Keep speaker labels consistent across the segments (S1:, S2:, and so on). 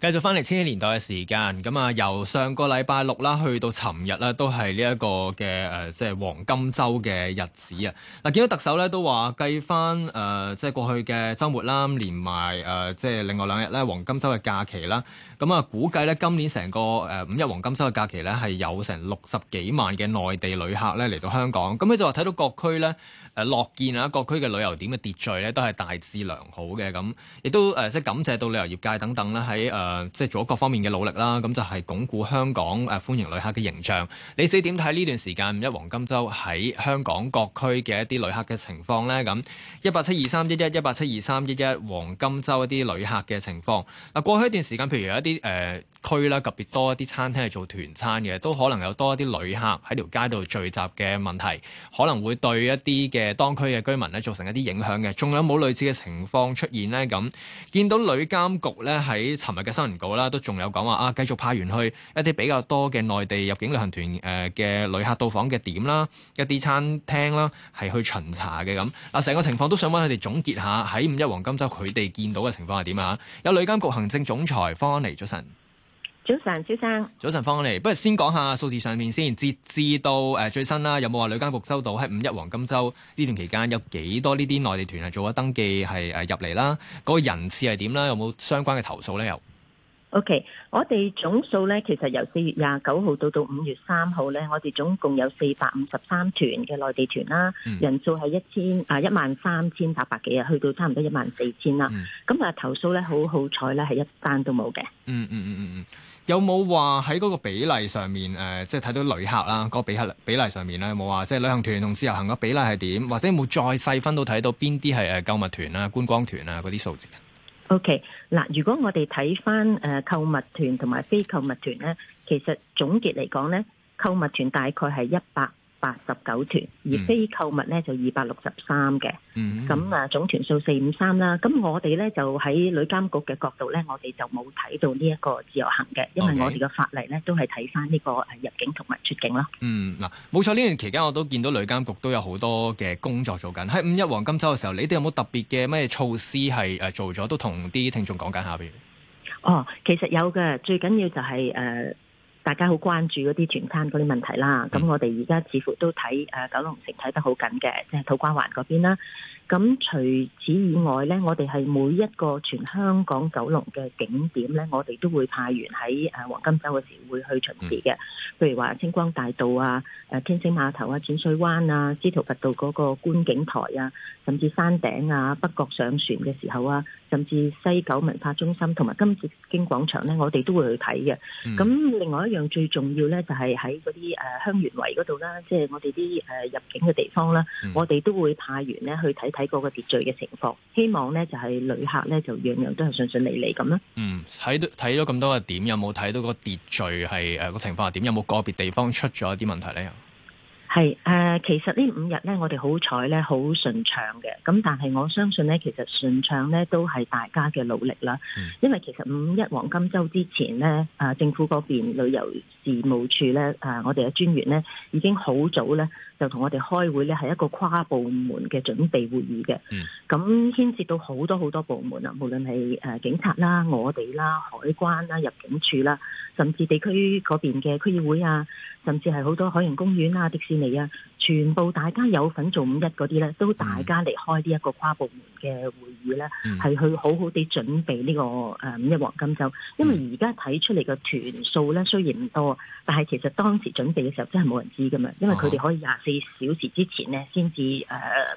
S1: 繼續翻嚟千禧年代嘅時間，咁啊由上個禮拜六啦，去到尋日啦，都係呢一個嘅誒，即係黃金周嘅日子啊。嗱，見到特首咧都話計翻誒，即係過去嘅週末啦，連埋誒，即係另外兩日咧黃金周嘅假期啦。咁啊，估計咧今年成個誒五一黃金周嘅假期咧係有成六十幾萬嘅內地旅客咧嚟到香港。咁佢就話睇到各區咧。誒樂見啊，各區嘅旅遊點嘅秩序咧，都係大致良好嘅。咁，亦都誒即係感謝到旅遊業界等等咧，喺誒即係做咗各方面嘅努力啦，咁就係鞏固香港誒歡迎旅客嘅形象。你自己點睇呢段時間？五一黃金週喺香港各區嘅一啲旅客嘅情況呢？咁一八七二三一一一八七二三一一黃金週一啲旅客嘅情況。嗱，過去一段時間，譬如有一啲誒。呃區啦，特別多一啲餐廳係做團餐嘅，都可能有多一啲旅客喺條街度聚集嘅問題，可能會對一啲嘅當區嘅居民咧造成一啲影響嘅。仲有冇類似嘅情況出現呢？咁見到旅監局咧喺尋日嘅新聞稿啦，都仲有講話啊，繼續派員去一啲比較多嘅內地入境旅行團誒嘅旅客到訪嘅點啦，一啲餐廳啦，係去巡查嘅咁啊。成個情況都想問佢哋總結一下喺五一黃金周，佢哋見到嘅情況係點啊？有旅監局行政總裁方安妮，早晨。
S2: 早晨，先生。
S1: 早晨，方嚟，不如先講下數字上面先，截至到誒最新啦，有冇話旅監局收到喺五一黃金周呢段期間有幾多呢啲內地團係做咗登記係誒入嚟啦？嗰、嗰個人次係點啦？有冇相關嘅投訴咧？又？
S2: O.K. 我哋總數咧，其實由四月廿九號到到五月三號咧，我哋總共有四百五十三團嘅內地團啦，人數係一千啊一萬三千八百幾啊，去到差唔多一萬四千啦。咁啊投訴咧，好好彩咧，係一單都冇嘅。
S1: 嗯嗯嗯嗯嗯。有冇話喺嗰個比例上面誒，即係睇到旅客啦，嗰個比客比例上面咧，有冇話即係旅行團同自由行嘅比例係點？或者有冇再細分到睇到邊啲係誒購物團啊、觀光團啊嗰啲數字？
S2: O.K. 嗱，如果我哋睇翻誒購物團同埋非購物團咧，其實總結嚟講咧，購物團大概係一百八十九團，而非購物咧、嗯、就二百六十三嘅，咁啊、嗯、總團數四五三啦。咁我哋咧就喺旅監局嘅角度咧，我哋就冇睇到呢一個自由行嘅，因為我哋嘅法例咧都係睇返呢個入境同埋出境咯。嗯，
S1: 嗱，冇錯，呢段期間我都見到旅監局都有好多嘅工作在做緊。喺五一黃金週嘅時候，你哋有冇特別嘅咩措施係誒做咗？都同啲聽眾講緊下邊。
S2: 哦，其實有嘅，最緊要就係、是、誒。呃大家好關注嗰啲全餐嗰啲問題啦，咁我哋而家似乎都睇、呃、九龍城睇得好緊嘅，即係土瓜灣嗰邊啦。咁除此以外呢，我哋係每一個全香港九龍嘅景點呢，我哋都會派員喺誒黃金週嘅時候會去巡視嘅。譬如話星光大道啊、天星碼頭啊、淺水灣啊、司徒拔道嗰個觀景台啊，甚至山頂啊、北角上船嘅時候啊。甚至西九文化中心同埋金紫荊廣場咧，我哋都會去睇嘅。咁、嗯、另外一樣最重要咧，就係喺嗰啲誒香園圍嗰度啦，即係我哋啲誒入境嘅地方啦，嗯、我哋都會派員咧去睇睇嗰個秩序嘅情況，希望咧就係旅客咧就樣樣都係順順利利咁啦。嗯，
S1: 睇到睇到咁多個點，有冇睇到嗰個秩序係誒個情況係點？有冇個別地方出咗一啲問題咧？
S2: 係誒、呃，其實呢五日咧，我哋好彩咧，好順暢嘅。咁但係我相信咧，其實順暢咧都係大家嘅努力啦。嗯、因為其實五一黃金週之前咧，啊政府嗰邊旅遊事務處咧，啊我哋嘅專員咧已經好早咧就同我哋開會咧，係一個跨部門嘅準備會議嘅。咁、嗯、牽涉到好多好多部門啊，無論係誒警察啦、我哋啦、海關啦、入境處啦，甚至地區嗰邊嘅區議會啊，甚至係好多海洋公園啊、迪士尼。嚟啊！全部大家有份做五一嗰啲咧，都大家嚟開呢一個跨部門嘅會議咧，係、嗯、去好好地準備呢個誒五一黃金周。因為而家睇出嚟嘅團數咧，雖然唔多，但係其實當時準備嘅時候真係冇人知噶嘛，因為佢哋可以廿四小時之前咧先至誒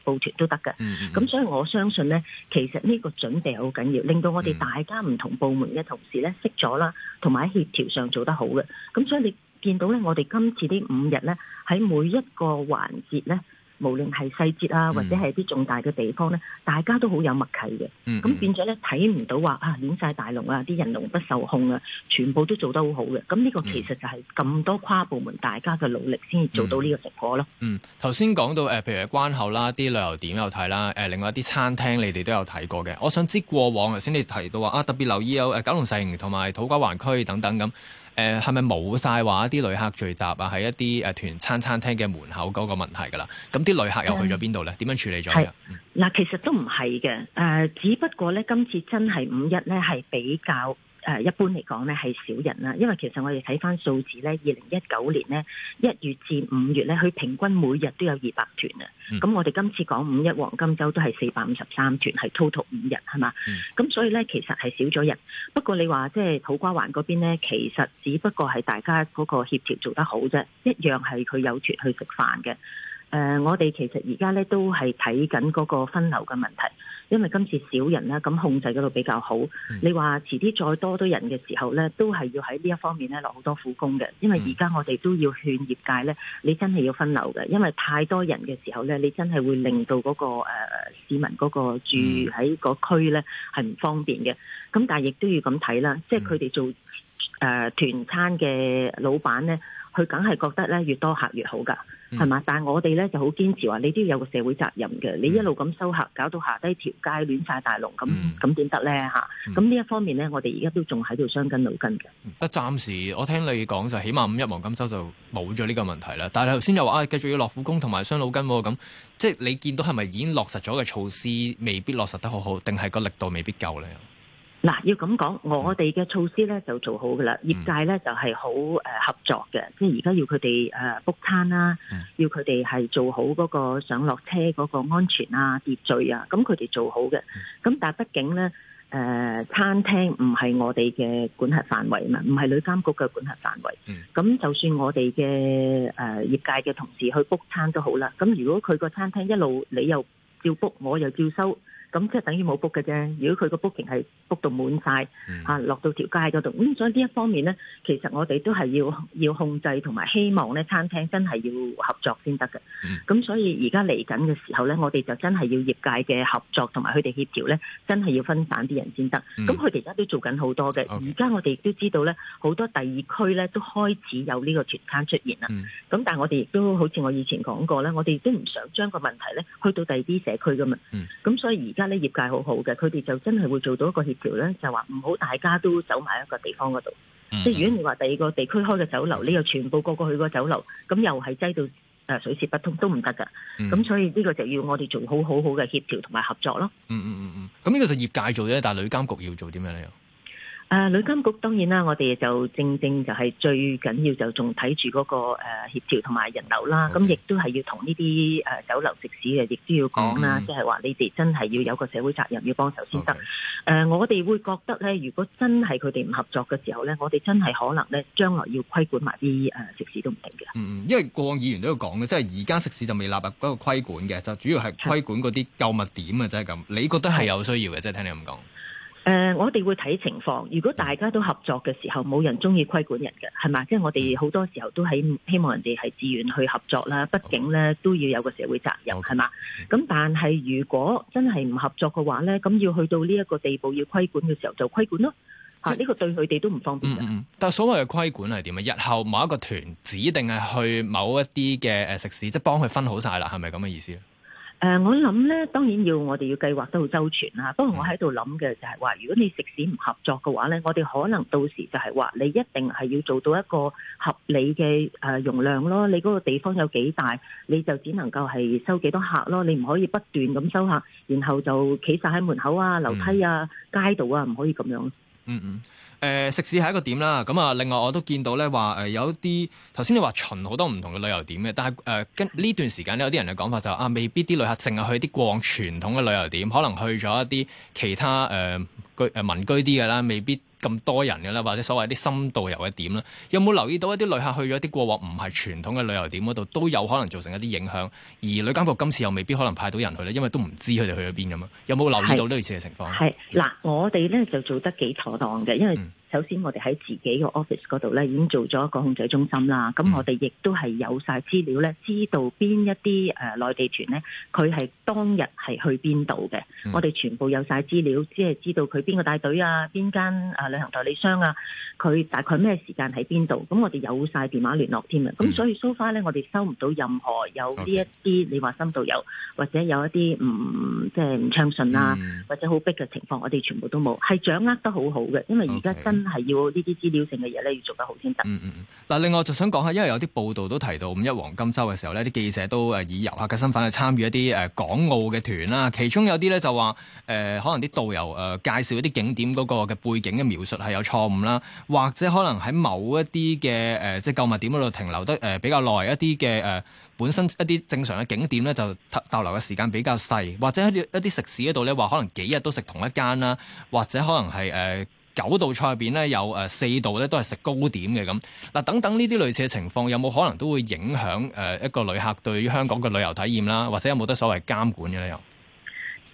S2: 報團都得噶。咁、呃嗯、所以我相信咧，其實呢個準備好緊要，令到我哋大家唔同部門嘅同事咧識咗啦，同埋喺協調上做得好嘅。咁所以你。見到咧，我哋今次呢五日咧，喺每一個環節咧，無論係細節啊，或者係啲重大嘅地方咧，大家都好有默契嘅。嗯，咁變咗咧，睇唔到話啊，亂曬大龍啊，啲人龍不受控啊，全部都做得好好嘅。咁呢個其實就係咁多跨部門大家嘅努力先至做到呢個成果咯。嗯，
S1: 頭先講到誒，譬如關口啦，啲旅遊點有睇啦，誒另外一啲餐廳你哋都有睇過嘅。我想知過往頭先你提到話啊，特別留意有誒九龍城同埋土瓜灣區等等咁。誒係咪冇晒話一啲旅客聚集啊？喺一啲誒團餐餐廳嘅門口嗰個問題㗎啦。咁啲旅客又去咗邊度咧？點、嗯、樣處理咗？嗱，是的嗯、其實
S2: 都唔係嘅。誒、呃，只不過咧，今次真係五一咧係比較。誒一般嚟講咧係少人啦，因為其實我哋睇翻數字咧，二零一九年咧一月至五月咧，佢平均每日都有二百團啊。咁、嗯、我哋今次講五一黃金周都係四百五十三團，係 total 五日係嘛？咁、嗯、所以咧其實係少咗人。不過你話即係土瓜灣嗰邊咧，其實只不過係大家嗰個協調做得好啫，一樣係佢有團去食飯嘅。誒、呃，我哋其實而家咧都係睇緊嗰個分流嘅問題。因為今次少人咧，咁控制嗰度比較好。你話遲啲再多多人嘅時候呢，都係要喺呢一方面呢落好多苦功嘅。因為而家我哋都要勸業界呢，你真係要分流嘅。因為太多人嘅時候呢，你真係會令到嗰個市民嗰個住喺個區呢係唔方便嘅。咁但係亦都要咁睇啦，即係佢哋做誒團餐嘅老闆呢，佢梗係覺得呢，越多客越好㗎。係嘛、嗯？但係我哋咧就好堅持話，你都要有個社會責任嘅。嗯、你一路咁收客，搞到下低條街亂曬大龍，咁咁點得咧嚇？咁、嗯、呢、嗯、一方面咧，我哋而家都仲喺度傷
S1: 筋腦筋嘅。得暫時，我聽你講就起碼五一黃金周就冇咗呢個問題啦。但係頭先又話啊，繼續要落苦工同埋傷腦筋喎。咁即係你見到係咪已經落實咗嘅措施，未必落實得好好，定係個力度未必夠咧？
S2: 嗱，要咁講，我哋嘅措施咧就做好噶啦，業界咧就係好合作嘅，嗯、即係而家要佢哋誒 book 餐啦，嗯、要佢哋係做好嗰個上落車嗰個安全啊、秩序啊，咁佢哋做好嘅。咁、嗯、但係畢竟咧、呃，餐廳唔係我哋嘅管轄範圍啊嘛，唔係旅監局嘅管轄範圍。咁、嗯、就算我哋嘅誒業界嘅同事去 book 餐都好啦，咁如果佢個餐廳一路你又照 book，我又照收。咁即係等於冇 book 嘅啫。如果佢個 booking 係 book 到滿晒，落到條街嗰度，咁所以呢一方面咧，其實我哋都係要要控制同埋希望咧餐廳真係要合作先得嘅。咁、嗯、所以而家嚟緊嘅時候咧，我哋就真係要業界嘅合作同埋佢哋協調咧，真係要分散啲人先得。咁佢哋而家都做緊好多嘅。而家 Okay. 我哋亦都知道咧，好多第二區咧都開始有呢個團餐出現啦。咁、嗯、但係我哋亦都好似我以前講過咧，我哋都唔想將個問題咧去到第二啲社區噶嘛。咁、嗯、所以而家。而業界好好嘅，佢哋就真係會做到一個協調咧，就話唔好大家都走埋一個地方嗰度。即係、嗯、如果你話第二個地區開嘅酒樓，你又全部個個去個酒樓，咁又係擠到誒水泄不通，都唔得㗎。咁、嗯、所以呢個就要我哋做好好好嘅協調同埋合作咯。嗯嗯
S1: 嗯嗯，咁呢個就業界做咧，但係旅監局要做啲咩咧？
S2: 誒旅、呃、監局當然啦，我哋就正正就係最緊要就仲睇住嗰個誒協調同埋人流啦。咁亦 Okay. 都係要同呢啲誒酒樓食肆嘅亦都要講啦，即係話你哋真係要有個社會責任，要幫手先得。誒 Okay.、呃，我哋會覺得咧，如果真係佢哋唔合作嘅時候咧，我哋真係可能咧，將來要規管埋啲誒食肆都唔定嘅。嗯嗯，
S1: 因為過往議員都要講嘅，即係而家食肆就未納入嗰個規管嘅，就主要係規管嗰啲購物點啊，真係咁。你覺得係有需要嘅，的即係聽你咁講。
S2: 誒、呃，我哋會睇情況。如果大家都合作嘅時候，冇人中意規管人嘅，係嘛？即、就、係、是、我哋好多時候都係希望人哋係自願去合作啦。畢竟咧都要有個社會責任，係嘛 Okay.？咁但係如果真係唔合作嘅話咧，咁要去到呢一個地步要規管嘅時候，就規管咯。吓、就是、呢、啊，這個對佢哋都唔方便嘅。、嗯嗯。
S1: 但係所謂嘅規管係點啊？日後某一個團指定係去某一啲嘅誒食肆，即係幫佢分好晒啦，係咪咁嘅意思？
S2: 誒，我諗咧，當然要我哋要計劃到周全啦。不過我喺度諗嘅就係話，如果你食肆唔合作嘅話咧，我哋可能到時就係話，你一定係要做到一個合理嘅誒容量咯。你嗰個地方有幾大，你就只能夠係收幾多客咯。你唔可以不斷咁收客，然後就企晒喺門口啊、樓梯啊、街道啊，唔可以咁樣。
S1: 嗯嗯，誒、呃、食肆係一個點啦，咁啊，另外我都見到咧話有啲頭先你話巡好多唔同嘅旅遊點嘅，但係跟呢段時間有啲人嘅講法就係、啊，未必啲旅客淨係去啲過往傳統嘅旅遊點，可能去咗一啲其他誒、呃、居民居啲嘅啦，未必。咁多人嘅啦，或者所謂啲深度遊嘅點啦，有冇留意到一啲旅客去咗啲過往唔係傳統嘅旅遊點嗰度，都有可能造成一啲影響。而旅監局今次又未必可能派到人去咧，因為都唔知佢哋去咗邊㗎嘛。有冇留意到呢類似嘅情況？係
S2: 嗱，我哋咧就做得幾妥當嘅，因為、嗯。首先我哋喺自己嘅 office 嗰度咧已經做咗一個控制中心啦，咁、嗯、我哋亦都係有晒資料咧，知道邊一啲誒內地團咧，佢係當日係去邊度嘅，嗯、我哋全部有晒資料，即係知道佢邊個帶隊啊，邊間啊旅行代理商啊，佢大概咩時間喺邊度，咁我哋有晒電話聯絡添。咁、嗯、所以 so far 咧，我哋收唔到任何有呢一啲你話深導遊，嗯、或者有一啲唔即係唔暢順啊，嗯、或者好迫嘅情況，我哋全部都冇，係掌握得好好嘅，因為而家真係要呢啲資料性嘅嘢咧，要做得好
S1: 先得，嗯。嗯嗯，嗱，另外就想講下，因為有啲報道都提到，五一黃金周嘅時候呢，啲記者都誒以遊客嘅身份去參與一啲誒、呃、港澳嘅團啦。其中有啲咧就話誒、呃，可能啲導遊誒介紹一啲景點嗰個嘅背景嘅描述係有錯誤啦，或者可能喺某一啲嘅誒即係購物點嗰度停留得誒比較耐一啲嘅誒，本身一啲正常嘅景點咧就逗留嘅時間比較細，或者一啲一啲食肆嗰度咧話可能幾日都食同一間啦，或者可能係誒。呃九道菜入邊咧，有誒四道咧都係食糕點嘅。咁嗱，等等呢啲類似嘅情況，有冇可能都會影響誒一個旅客對於香港嘅旅遊體驗啦，或者有冇得所謂監管嘅咧又？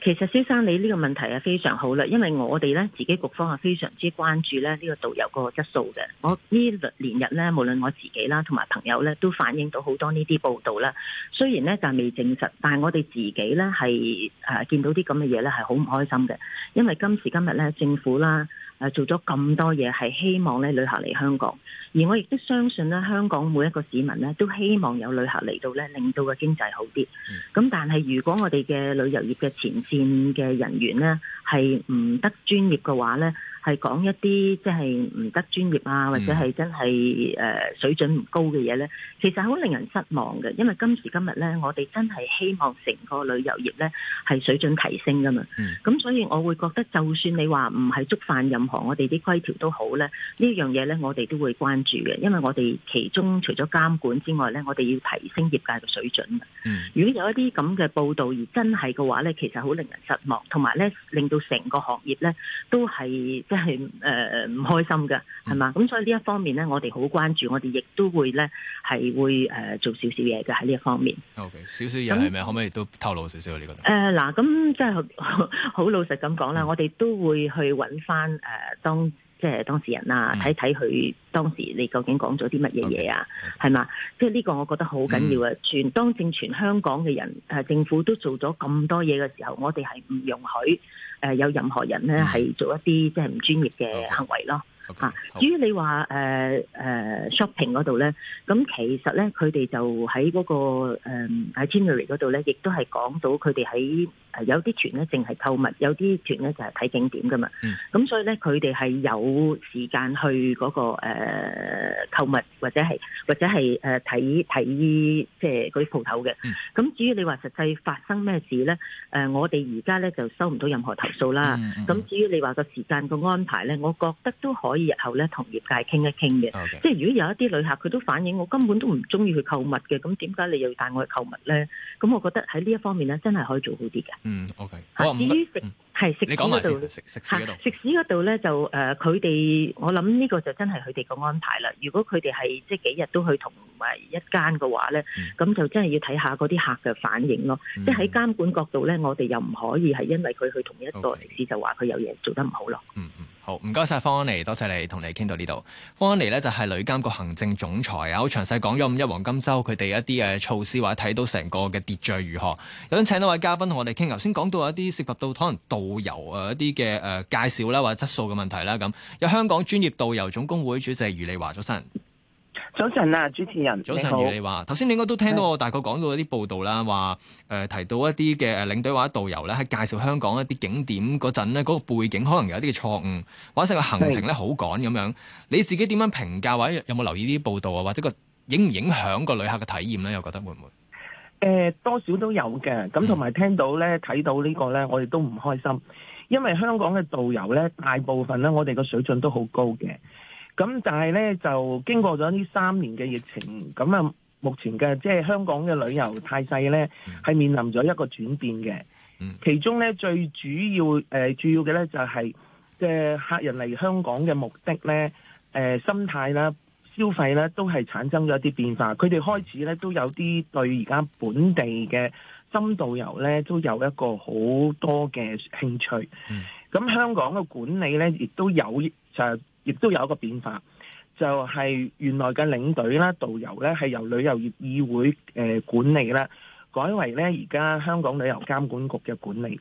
S1: 其實蕭
S2: 先生，你呢個問題係非常好啦，因為我哋呢自己局方係非常之關注咧呢個導遊個質素嘅。我呢連日呢，無論我自己啦，同埋朋友呢，都反映到好多呢啲報道啦。雖然呢就未證實，但係我哋自己呢係誒見到啲咁嘅嘢呢，係好唔開心嘅，因為今時今日呢，政府啦誒做咗咁多嘢係希望呢旅客嚟香港，而我亦都相信呢，香港每一個市民呢，都希望有旅客嚟到呢，令到個經濟好啲。咁、嗯、但係如果我哋嘅旅遊業嘅前景，嘅人員咧，係唔得專業嘅話咧，係講一啲即係唔得專業啊，或者係真係誒、呃、水準唔高嘅嘢呢，其實好令人失望嘅。因為今時今日呢，我哋真係希望成個旅遊業呢係水準提升㗎嘛。咁、嗯、所以，我會覺得就算你話唔係觸犯任何我哋啲規條都好呢，呢樣嘢呢，我哋都會關注嘅。因為我哋其中除咗監管之外呢，我哋要提升業界嘅水準。嗯、如果有一啲咁嘅報導而真係嘅話呢，其實好令人失望，同埋呢，令到成個行業呢都係。係誒唔開心嘅，係嘛？咁、嗯、所以呢一方面咧，我哋好關注，我哋亦都會咧係會誒、呃、做少少嘢嘅喺呢一方面。
S1: 好、okay，少少嘢係咩？可唔可以都透露少少？你覺
S2: 得？誒、呃、嗱，咁即係好老實咁講啦，嗯、我哋都會去搵翻誒當。即係當事人啊，睇睇佢當時你究竟講咗啲乜嘢嘢啊，係嘛 Okay, okay.？即係呢個我覺得好緊要啊！全當政全香港嘅人誒政府都做咗咁多嘢嘅時候，我哋係唔容許誒、呃、有任何人咧係做一啲即係唔專業嘅行為咯嚇、okay, okay , okay. 啊。至於你話誒誒 shopping 嗰度咧，咁、呃呃、其實咧佢哋就喺嗰、嗰個誒喺 itinerary 嗰度咧，亦都係講到佢哋喺。有啲團咧淨係購物，有啲團咧就係睇景點㗎嘛。咁、嗯、所以咧，佢哋係有時間去嗰、那個誒、呃、購物，或者係或者係誒睇睇即係嗰啲鋪頭嘅。咁、那個嗯、至於你話實際發生咩事咧？誒、呃，我哋而家咧就收唔到任何投訴啦。咁、嗯嗯、至於你話個時間個安排咧，我覺得都可以日後咧同業界傾一傾嘅。okay. 即係如果有一啲旅客佢都反映我，我根本都唔中意去購物嘅，咁點解你又要帶我去購物咧？咁我覺得喺呢一方面咧，真係可以做好啲嘅。
S1: 嗯，OK。
S2: 至於食，係食肆嗰度，
S1: 食食
S2: 肆嗰度咧就佢哋、呃、我諗呢個就真係佢哋個安排啦。如果佢哋係即幾日都去同埋一間嘅話咧，咁、嗯、就真係要睇下嗰啲客嘅反應咯。嗯、即係喺監管角度咧，我哋又唔可以係因為佢去同一個食肆就話佢有嘢做得唔好咯、嗯。嗯
S1: 嗯。好，唔該晒方安妮，多謝，謝你同你哋傾到呢度。方安妮呢，就係旅監局行政總裁啊，好詳細講咗五一黃金週佢哋一啲嘅措施，或者睇到成個嘅秩序如何。有想請一位嘉賓同我哋傾。頭先講到一啲涉及到可能導遊啊一啲嘅誒介紹啦，或者質素嘅問題啦咁。有香港專業導遊總工會主席余麗華，早晨。
S3: 早晨啊，主持人。早晨上，如你話
S1: 好，頭先你，你應該都聽到我大概講到的一啲報道啦，話誒、呃、提到一啲嘅誒領隊或者導遊咧，喺介紹香港的一啲景點嗰陣咧，嗰、嗰個背景可能有一啲嘅錯誤，或者個行程咧好趕咁樣。是的 你自己點樣評價或者有冇留意啲報道啊？或者個影唔影響個旅客嘅體驗咧？又覺得會唔
S3: 會？誒、呃，多少都有嘅。咁同埋聽到咧，睇、嗯、到個呢個咧，我哋都唔開心，因為香港嘅導遊咧，大部分咧，我哋個水準都好高嘅。咁但係咧就經過咗呢三年嘅疫情，咁啊目前嘅即係香港嘅旅遊態勢咧，係面臨咗一個轉變嘅。其中咧最主要誒、呃，主要嘅咧就係、是、嘅、呃、客人嚟香港嘅目的咧，誒、呃、心態啦、消費咧，都係產生咗一啲變化。佢哋、嗯、開始咧都有啲對而家本地嘅深度遊咧，都有一個好多嘅興趣。咁、嗯、香港嘅管理咧，亦都有就係亦都有一個變化，就係、是、原來嘅領隊啦、導遊呢係由旅遊業議會誒管理啦，改為呢而家香港旅遊監管局嘅管理。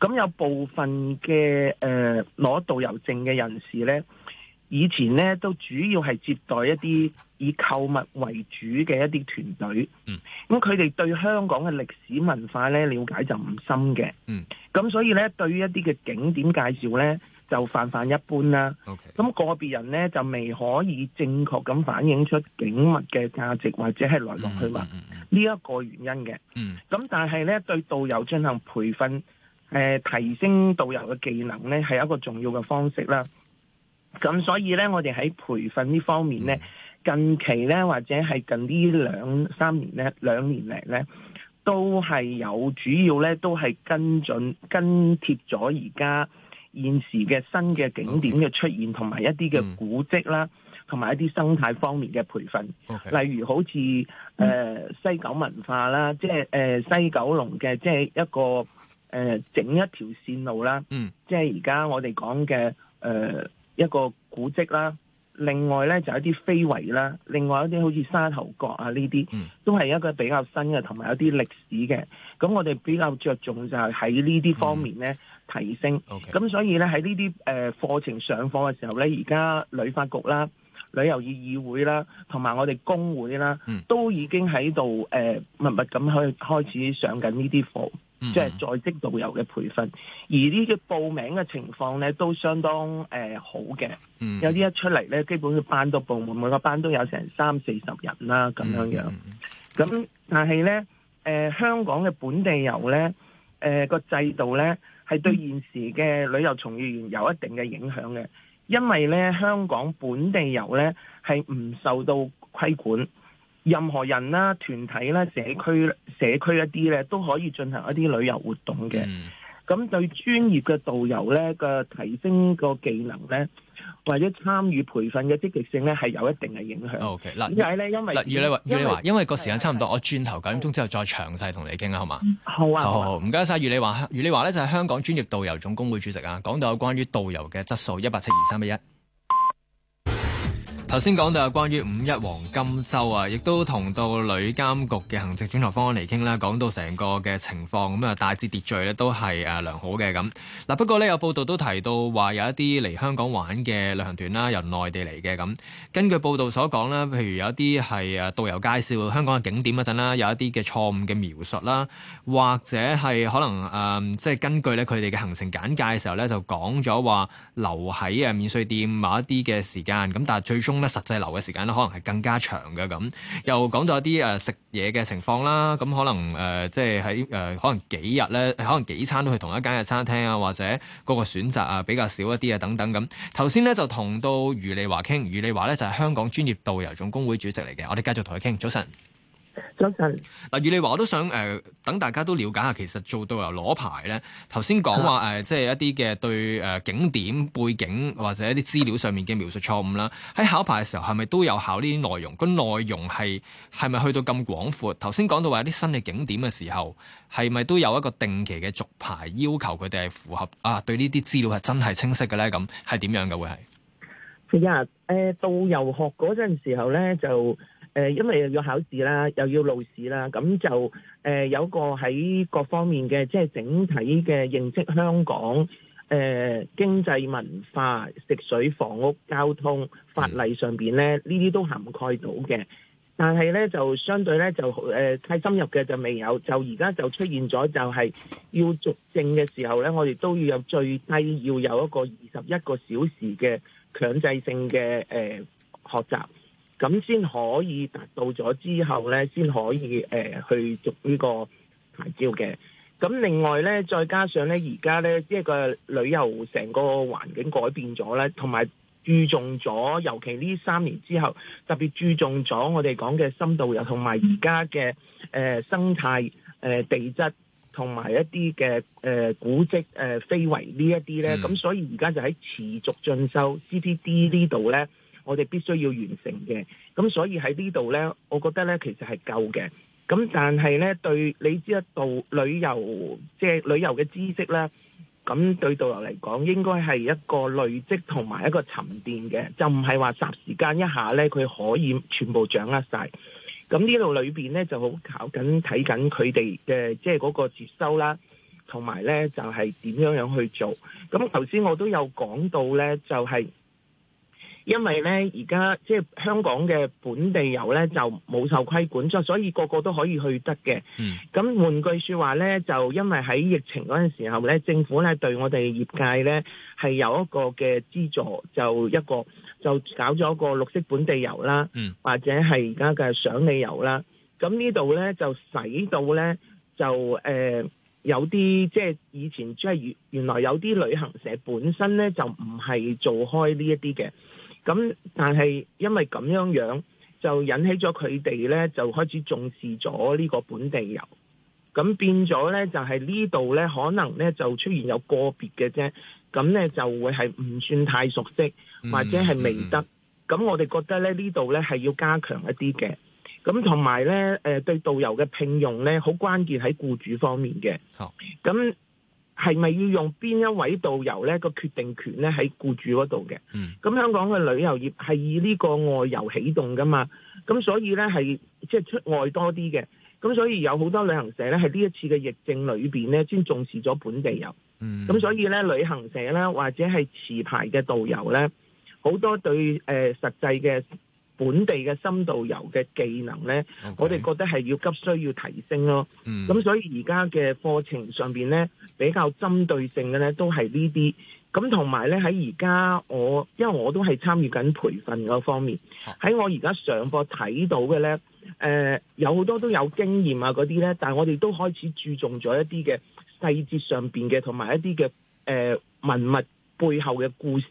S3: 咁、嗯、有部分嘅誒攞導遊證嘅人士呢，以前呢都主要係接待一啲以購物為主嘅一啲團隊。咁佢哋對香港嘅歷史文化呢了解就唔深嘅。咁、嗯、所以呢，對於一啲嘅景點介紹呢，就泛泛一般啦。咁 Okay. 個別人咧就未可以正確咁反映出景物嘅價值，或者係來龍去脈呢一個原因嘅。咁、mm hmm. 但係咧對導遊進行培訓，呃、提升導遊嘅技能咧係一個重要嘅方式啦。咁所以咧我哋喺培訓呢方面咧，mm hmm. 近期咧或者係近呢兩三年咧兩年嚟咧，都係有主要咧都係跟進跟貼咗而家。現時嘅新嘅景點嘅出現，同埋 Okay. 一啲嘅古蹟啦，同埋、嗯、一啲生態方面嘅培訓，Okay. 例如好似誒、嗯呃、西九文化啦，即係誒、呃、西九龍嘅，即係一個誒、呃、整一條線路啦，嗯、即係而家我哋講嘅誒一個古蹟啦。另外咧就一啲非遺啦，另外一啲好似沙頭角啊呢啲，這些嗯、都係一個比較新嘅，同埋一啲歷史嘅。咁我哋比較着重就係喺呢啲方面咧。嗯提升，咁 Okay. 所以咧喺呢啲誒課程上課嘅時候咧，而家旅發局啦、旅遊業議會啦，同埋我哋工會啦，嗯、都已經喺度誒默默咁去開始上緊呢啲課，即、就、係、是、在職導遊嘅培訓。嗯、而呢啲報名嘅情況咧，都相當誒、呃、好嘅。嗯、有啲一出嚟咧，基本上班級部門每個班都有成三四十人啦咁樣樣。咁、嗯嗯嗯、但係咧，誒、呃、香港嘅本地遊咧，誒、呃、個制度咧。係對現時嘅旅遊從業員有一定嘅影響嘅，因為咧香港本地遊咧係唔受到規管，任何人啦、團體啦、社區、社區一啲咧都可以進行一啲旅遊活動嘅。嗯咁對專業嘅導遊咧嘅、那個、提升個技能咧，或者參與培訓嘅積極性咧，係有一定嘅影響。O K 嗱，因為咧，如你因為，
S1: 因為個為為時間差唔多，我轉頭九點鐘之後再詳細同你傾啦，好嘛？好啊，好好唔該晒，余莉華，余莉華咧就係香港專業導遊總工會主席啊。講到有關於導遊嘅質素，一八七二三一一。頭先講到啊，關於五一黃金週啊，亦都同到旅監局嘅行政總裁方安妮嚟傾啦，講到成個嘅情況咁啊，大致秩序咧都係誒良好嘅咁。嗱，不過呢，有報道都提到話，有一啲嚟香港玩嘅旅行團啦，由內地嚟嘅咁。根據報道所講咧，譬如有一啲係誒導遊介紹香港嘅景點嗰陣啦，有一啲嘅錯誤嘅描述啦，或者係可能誒、呃、即係根據咧佢哋嘅行程簡介嘅時候咧，就講咗話留喺啊免稅店某一啲嘅時間，咁但係最終。實際留嘅時間咧、呃，可能係更加長嘅咁。又講咗啲誒食嘢嘅情況啦，咁可能誒即係喺誒可能幾日咧，可能幾餐都去同一間嘅餐廳啊，或者嗰個選擇啊比較少一啲啊等等咁。頭先咧就同到余莉華傾，余莉華咧就係香港專業導遊總工會主席嚟嘅，我哋繼續同佢傾。早晨。最近嗱，如你話，我都想誒、呃，等大家都了解下，其實做導遊攞牌咧，頭先講話誒，即係、啊呃就是、一啲嘅對誒景點背景或者一啲資料上面嘅描述錯誤啦。喺考牌嘅時候，係咪都有考呢啲內容？個內容係係咪去到咁廣闊？頭先講到話一啲新嘅景點嘅時候，係咪都有一個定期嘅續牌要求？佢哋係符合啊？對呢啲資料係真係清晰嘅咧？咁係點樣嘅會係？其
S3: 實，誒、呃，導遊學嗰陣時候咧就。誒，因為又要考試啦，又要路試啦，咁就誒有個喺各方面嘅，即、就、係、是、整體嘅認識香港誒、呃、經濟文化、食水、房屋、交通、法例上面咧，呢啲都涵蓋到嘅。但係咧就相對咧就誒太、呃、深入嘅就未有，就而家就出現咗就係要續證嘅時候咧，我哋都要有最低要有一個二十一個小時嘅強制性嘅誒、呃、學習。咁先可以達到咗之後呢，先可以誒、呃、去做呢個牌照嘅。咁另外呢，再加上呢，而家呢，即係個旅遊成個環境改變咗呢，同埋注重咗，尤其呢三年之後，特別注重咗我哋講嘅深度遊，同埋而家嘅誒生態、誒、呃、地質，同埋一啲嘅誒古蹟、誒、呃、非遺呢一啲呢。咁、嗯、所以而家就喺持續進修 CPD 呢度呢。我哋必須要完成嘅，咁所以喺呢度呢，我覺得呢其實係夠嘅。咁但係呢，對你知道度旅遊，即係旅遊嘅知識呢，咁對導遊嚟講應該係一個累積同埋一個沉澱嘅，就唔係話霎時間一下呢，佢可以全部掌握晒。咁呢度裏面呢，就好考緊睇緊佢哋嘅即係嗰個接收啦，同埋呢就係點樣樣去做。咁頭先我都有講到呢，就係、是。因為咧，而家即係香港嘅本地遊咧，就冇受規管咗，所以個個都可以去得嘅。嗯，咁換句說話咧，就因為喺疫情嗰陣時候咧，政府咧對我哋業界咧係有一個嘅資助，就一個就搞咗個綠色本地遊啦，嗯，或者係而家嘅賞你遊啦。咁呢度咧就使到咧就誒、呃、有啲即係以前即係原原來有啲旅行社本身咧就唔係做開呢一啲嘅。咁但係因為咁樣樣就引起咗佢哋咧，就開始重視咗呢個本地遊。咁變咗咧，就係、是、呢度咧，可能咧就出現有個別嘅啫。咁咧就會係唔算太熟悉，或者係未得。咁、嗯嗯、我哋覺得咧呢度咧係要加強一啲嘅。咁同埋咧誒對導遊嘅聘用咧，好關鍵喺僱主方面嘅。咁。係咪要用邊一位導遊，呢個決定權呢？喺僱主嗰度嘅。咁、嗯、香港嘅旅遊業係以呢個外遊起動噶嘛，咁所以呢係即係出外多啲嘅。咁所以有好多旅行社呢，喺呢一次嘅疫症裏邊呢，先重視咗本地遊。咁、嗯、所以呢，旅行社咧或者係持牌嘅導遊呢，好多對誒實際嘅。本地嘅深度遊嘅技能呢，Okay. 我哋覺得係要急需要提升咯。咁、嗯、所以而家嘅課程上邊呢，比較針對性嘅呢都係呢啲。咁同埋呢，喺而家我，因為我都係參與緊培訓嗰方面，喺我而家上課睇到嘅呢，誒、呃、有好多都有經驗啊嗰啲呢。但係我哋都開始注重咗一啲嘅細節上邊嘅，同埋一啲嘅誒文物。背後嘅故事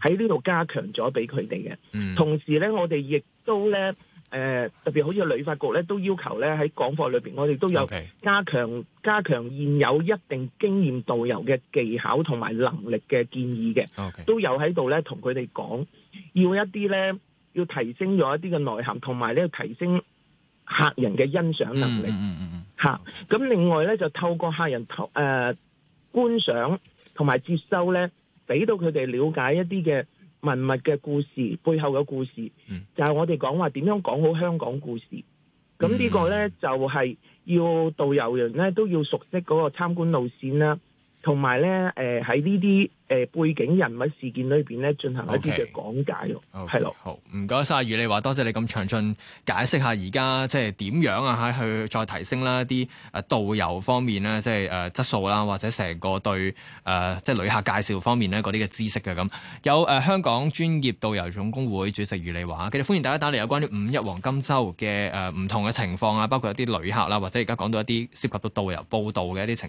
S3: 喺呢度加強咗俾佢哋嘅，同時呢，我哋亦都呢，誒、呃、特別好似旅發局呢，都要求呢喺講課裏邊，我哋都有加強 Okay. 加強現有一定經驗導遊嘅技巧同埋能力嘅建議嘅，Okay. 都有喺度呢，同佢哋講，要一啲呢，要提升咗一啲嘅內涵，同埋咧提升客人嘅欣賞能力，嚇咁、mm hmm. 啊、另外呢，就透過客人誒、呃、觀賞同埋接收呢。俾到佢哋了解一啲嘅文物嘅故事，背後嘅故事，就係我哋講話點樣講好香港故事。咁呢個咧就係要導遊員咧都要熟悉嗰個參觀路線啦。同埋咧，誒喺呢啲誒、呃呃、背景人物事件裏邊咧，進行一啲
S1: 嘅講解 okay. Okay. 咯，係咯。好，唔該晒。余莉華，多謝你咁詳盡解釋下而家即係點樣啊？吓，去再提升啦啲誒導遊方面啦，即係誒、呃、質素啦，或者成個對誒、呃、即係旅客介紹方面咧嗰啲嘅知識嘅咁。有誒、呃、香港專業導遊總工會主席余莉華，其實歡迎大家打嚟有關於五一黃金周嘅誒唔同嘅情況啊，包括一啲旅客啦，或者而家講到一啲涉及到導遊報道嘅一啲情。